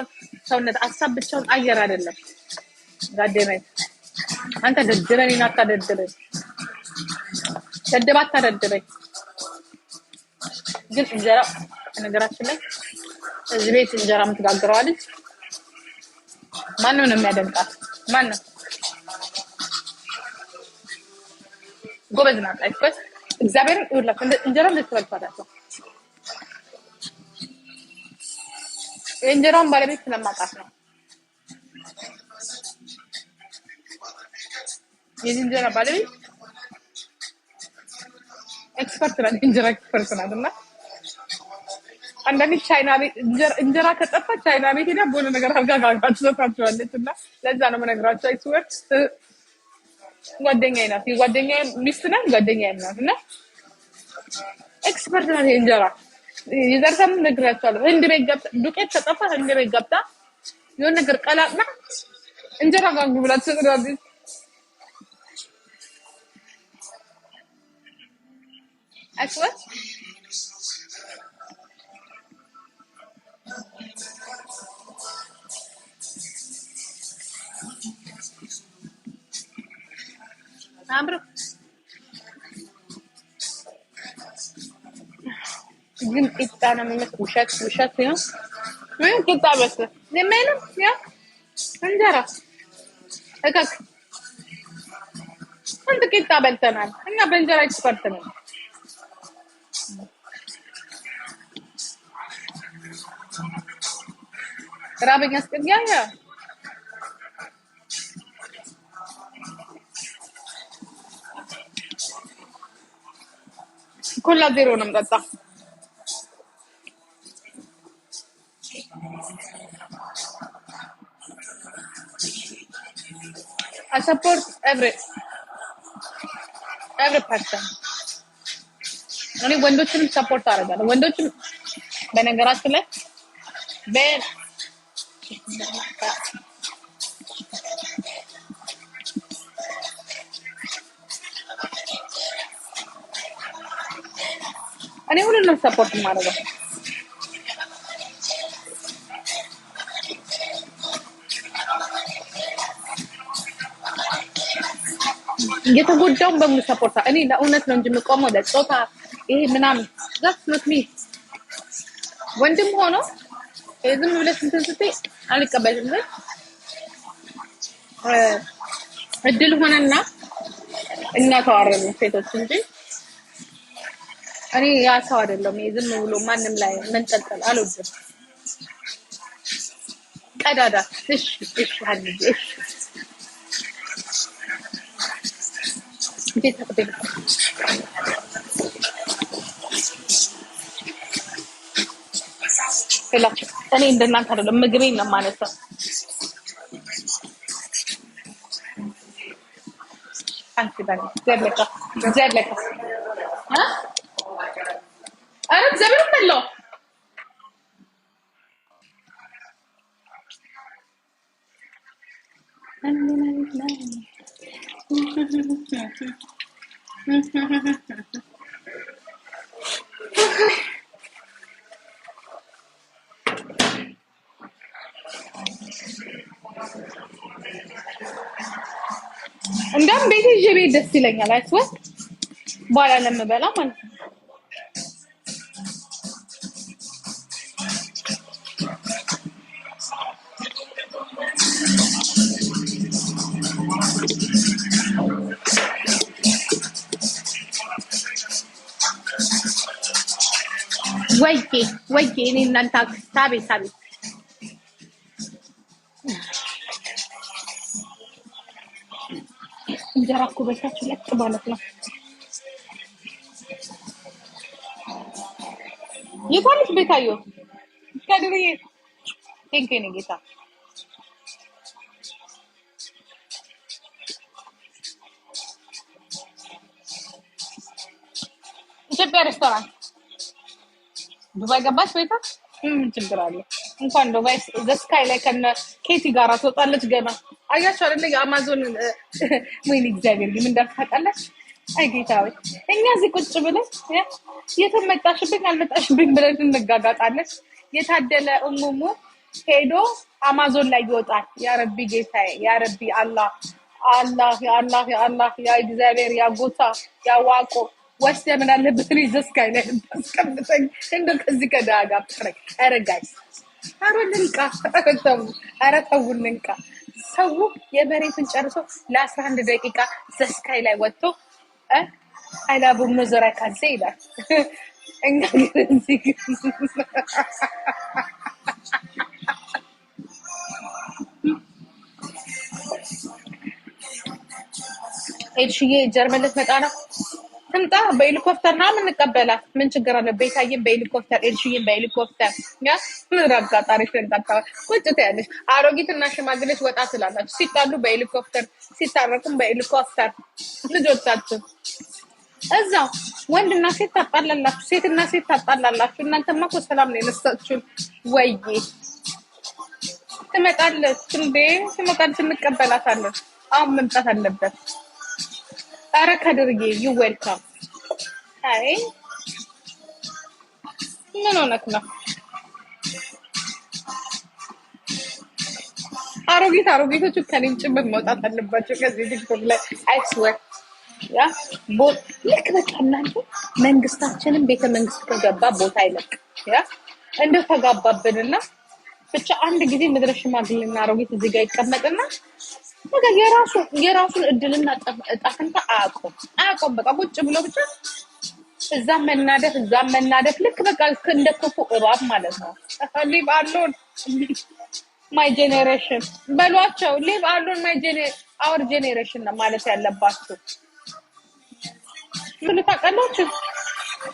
ብቻውን ሰውነት አሳብ ብቻውን አየር አይደለም። ጋደመኝ አንተ ደድበኝ እና አታደድበኝ፣ ደድባ አታደድበኝ። ግን እንጀራ ነገራችን ላይ እዚህ ቤት እንጀራ የምትጋግረዋለች ማንም ነው የሚያደንቃት። ማንም ጎበዝ ናት። አይኮስ እግዚአብሔርን ይውላችሁ እንጀራ ልትበልቷላቸው የእንጀራውን ባለቤት ስለማውቃት ነው። የዚህ እንጀራ ባለቤት ኤክስፐርት ናት፣ የእንጀራ ኤክስፐርት ናት። እና አንዳንዴ ቻይና ቤት እንጀራ ከጠፋ ቻይና ቤት ሄዳ በሆነ ነገር እና ለዛ ነው አይስወር ጓደኛዬ ናት፣ የጓደኛዬ ሚስት ናት፣ ጓደኛዬ ናት። እና ኤክስፐርት ናት የእንጀራ የዘርተም ነግራቸዋለሁ። ህንድ ቤት ገብታ ዱቄት ተጠፋ፣ ህንድ ቤት ገብታ የሆነ ነገር ቀላቅላ እንጀራ ጋጉ ብላ ትሰጥራለች። አስወት አምሮ ግን ቂጣ ነው የሚመስል። ውሸት ውሸት ነው። ምን ቂጣ በስለ ለምን ያ እንጀራ እከክ ስንት ቂጣ በልተናል እና በእንጀራ ኤክስፐርት ነን። ራበኛ ስቅድ ያ ኮላ ዜሮ ነው የምጠጣ support every every person እኔ ወንዶችንም ሰፖርት አደርጋለሁ። ወንዶችም በነገራችን ላይ እኔ ሁሉንም ሰፖርት ማድረገው የተጎዳውን በሙሉ ሰፖርታ እኔ ለእውነት ነው እንጂ የምቆመው ለጾታ ይሄ ምናምን ዛትስ ኖት ሚ ወንድም ሆኖ ዝም ብለሽ እንትን ስትይ አልቀበልም። እድል ሆነና እኛ ተዋረን ሴቶች እንጂ እኔ ያ ሰው አይደለም። ዝም ብሎ ማንም ላይ መንጠልጠል አልወድም። ቀዳዳ እሺ እሺ Где это እኔ እንደናንተ አይደለም፣ ምግቤን ነው የማነሳው። ኧረ እግዚአብሔር መለው Thank you. እንደውም ቤት ይዤ ቤት ደስ ይለኛል። አይስወት ባላ ለምበላ ማለት ነው wake, wake ini in sabi, sabi. Jangan aku bisa cilek kebalik lah. Yuk, kamu sebisa yuk. Kita dulu yuk. Thank kita. ዱባይ ገባሽ ቤታ ምን ችግር አለ? እንኳን ዱባይ ዘስካይ ላይ ከነ ኬቲ ጋር ትወጣለች። ገና አያቸው አለ የአማዞን ወይን እግዚአብሔር ግን እንዳታቃለች። አይ ጌታ ወይ እኛ እዚህ ቁጭ ብለን የትም መጣሽብኝ አልመጣሽብኝ ብለን እንጋጋጣለች። የታደለ እሙሙ ሄዶ አማዞን ላይ ይወጣል። ያረቢ ጌታ፣ ያረቢ አላህ፣ አላህ፣ አላህ፣ አላህ፣ ያ እግዚአብሔር፣ ያ ጎታ፣ ያ ወስደህ ምን አለብህ ፕሊዝ እስካይ ላይ አስቀምጠኝ። እንደ ከዚህ ከዳጋ ፍቅረኝ። ኧረ ጋይስ፣ ኧረ ልንቃ፣ ኧረ ተው ልንቃ። ሰው የመሬቱን ጨርሶ ለአስራ አንድ ደቂቃ ዘስካይ ላይ ወጥቶ አይላቡ መዞራ ካዘ ይላል። እኛ ግን እዚህ ግን ኤድሽዬ ጀርመን ልትመጣ ነው። ትምጣ በሄሊኮፕተር ና ምንቀበላት ምን ችግር አለ? ቤታዬን በሄሊኮፕተር ኤልሽዬን በሄሊኮፕተር ያ ምድር አጋጣሪ ስለንጣጣ ቁጭ ትያለሽ። አሮጊትና ሽማግሌች ወጣ ትላላችሁ። ሲጣሉ በሄሊኮፕተር ሲታረቁም በሄሊኮፕተር ልጆቻችሁ እዛ ወንድና ሴት ታጣላላችሁ፣ ሴትና ሴት ታጣላላችሁ። እናንተማ እኮ ሰላም ነው የነሳችሁን። ወይ ትመጣለች እንዴ? ትመጣለች፣ እንቀበላታለን። አሁን መምጣት አለበት። ኧረ ከድርጌ ዩ ዌልካም። አይ ምን ሆነክ ነው? አሮጌት አሮጌቶቹ ከኔም ጭምር መውጣት አለባቸው ከዚህ ቲክቶክ ላይ አይስወር ያ ልክ በቃ እናንተ መንግስታችንም ቤተ መንግስት ከገባ ቦታ አይለቅ ያ ተጋባብንና ብቻ አንድ ጊዜ ምድረ ሽማግሌና አሮጌት እዚህ ጋር ይቀመጥና በቃ የራሱ የራሱን እድልና ጣፍንታ አያውቀውም አያውቀውም። በቃ ቁጭ ብሎ ብቻ እዛ መናደፍ እዛ መናደፍ ልክ በቃ እንደ ክፉ እባብ ማለት ነው። ሊቭ አሎን ማይ ጄኔሬሽን በሏቸው። ሊብ አሎን ማይ አወር ጄኔሬሽን ነው ማለት ያለባችሁ። ምን ታውቃላችሁ?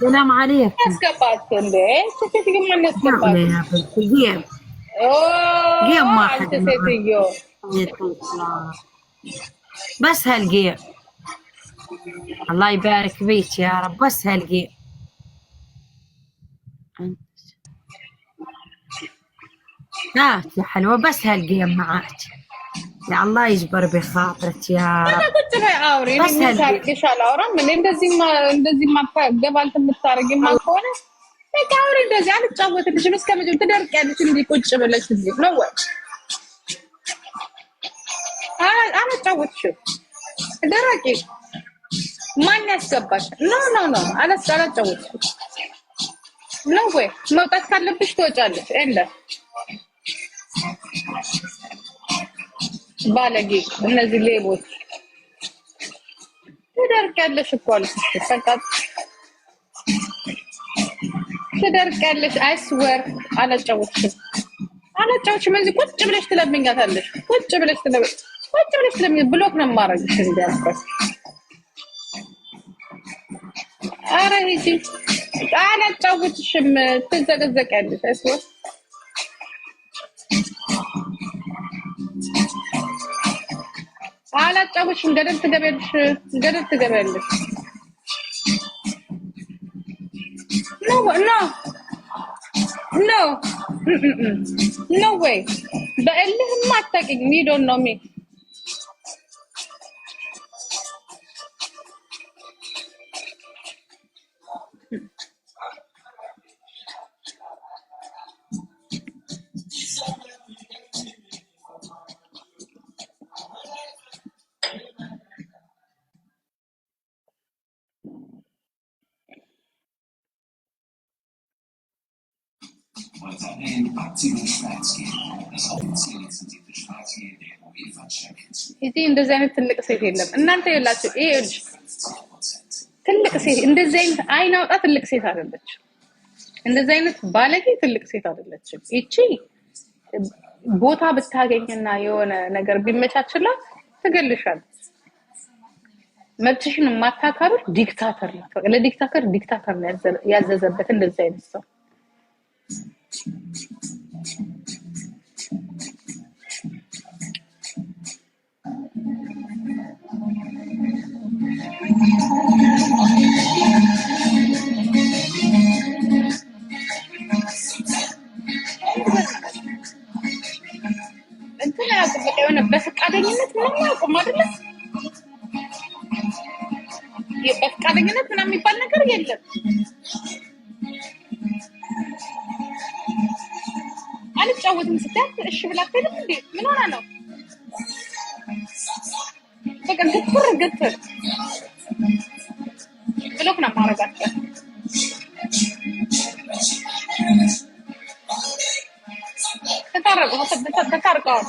ሰላም አለይኩም ያስገባችሁ እንዴ ሴትዮ ማን ያስገባችሁ? ጌም ጌም ማለት ነው بس هالقيع الله يبارك فيك يا رب بس هالقيع هات يا حلوة بس هالقيع معك يا الله يجبر بخاطرك يا رب انا قلت لها يا عوري بس هالقيع العورة من اندزي ما اندزي ما قبل تم التارجين ما كونه በቃ አሁን እንደዚህ አልጫወትልሽም እስከ መጀመር ትደርቂያለሽ እንዲህ ቁጭ ብለሽ እዚህ ነው ወይ አላጫወትሽም። ደረቂ ማን ያስገባሽ? ኖ ኖ ኖ አላጫወትሽም ነው ወይ መውጣት ካለብሽ ትወጫለሽ። እንደ ባለጌ እነዚህ ሌቦች ትደርቂያለሽ እኮ አልኩሽ። ተቃጥ ትደርቂያለሽ። አይስወር አላጫወትሽም አላጫወትሽም። እዚህ ቁጭ ብለሽ ትለምኛታለሽ። ቁጭ ብለሽ ትለምኛታለሽ። ቁጭ ብለሽ ለምን ብሎክ ነው የማደርግሽ? እንዲያልኳት አረ ሂጂ አላጫውትሽም፣ ትዘቀዘቂያለሽ። አይስወ አላጫውትሽም፣ ገደል ትገቢያለሽ፣ ገደል ትገቢያለሽ። ኖ ኖ ወይ በእልህማ አታውቂኝም። ሂዶ ነው ሚ እዚህ እንደዚህ አይነት ትልቅ ሴት የለም። እናንተ የላቸው። ይሄ ትልቅ ሴት እንደዚህ አይነት አይን አውጣ ትልቅ ሴት አይደለች። እንደዚህ አይነት ባለጌ ትልቅ ሴት አይደለችም። ይቺ ቦታ ብታገኝና የሆነ ነገር ቢመቻችላት ትገልሻል መብትሽን የማታካብር ዲክታተር ናት። ለዲክታተር ዲክታተር ያዘዘበት እንደዚህ አይነት ሰው እንትን በቃ የሆነ በፈቃደኝነት ምናምን አያውቁም አይደለ? በፈቃደኝነት ምናምን የሚባል ነገር የለም። አልጫወትም ስትያት እሺ ብላ አትሄድም እንዴ? ምን ሆና ነው? በቃ ግትር ግትር Θέλω να πάρω κάποια. Δεν τα αργώ, δεν τα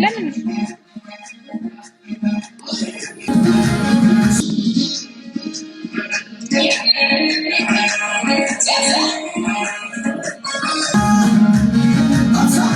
Gracias.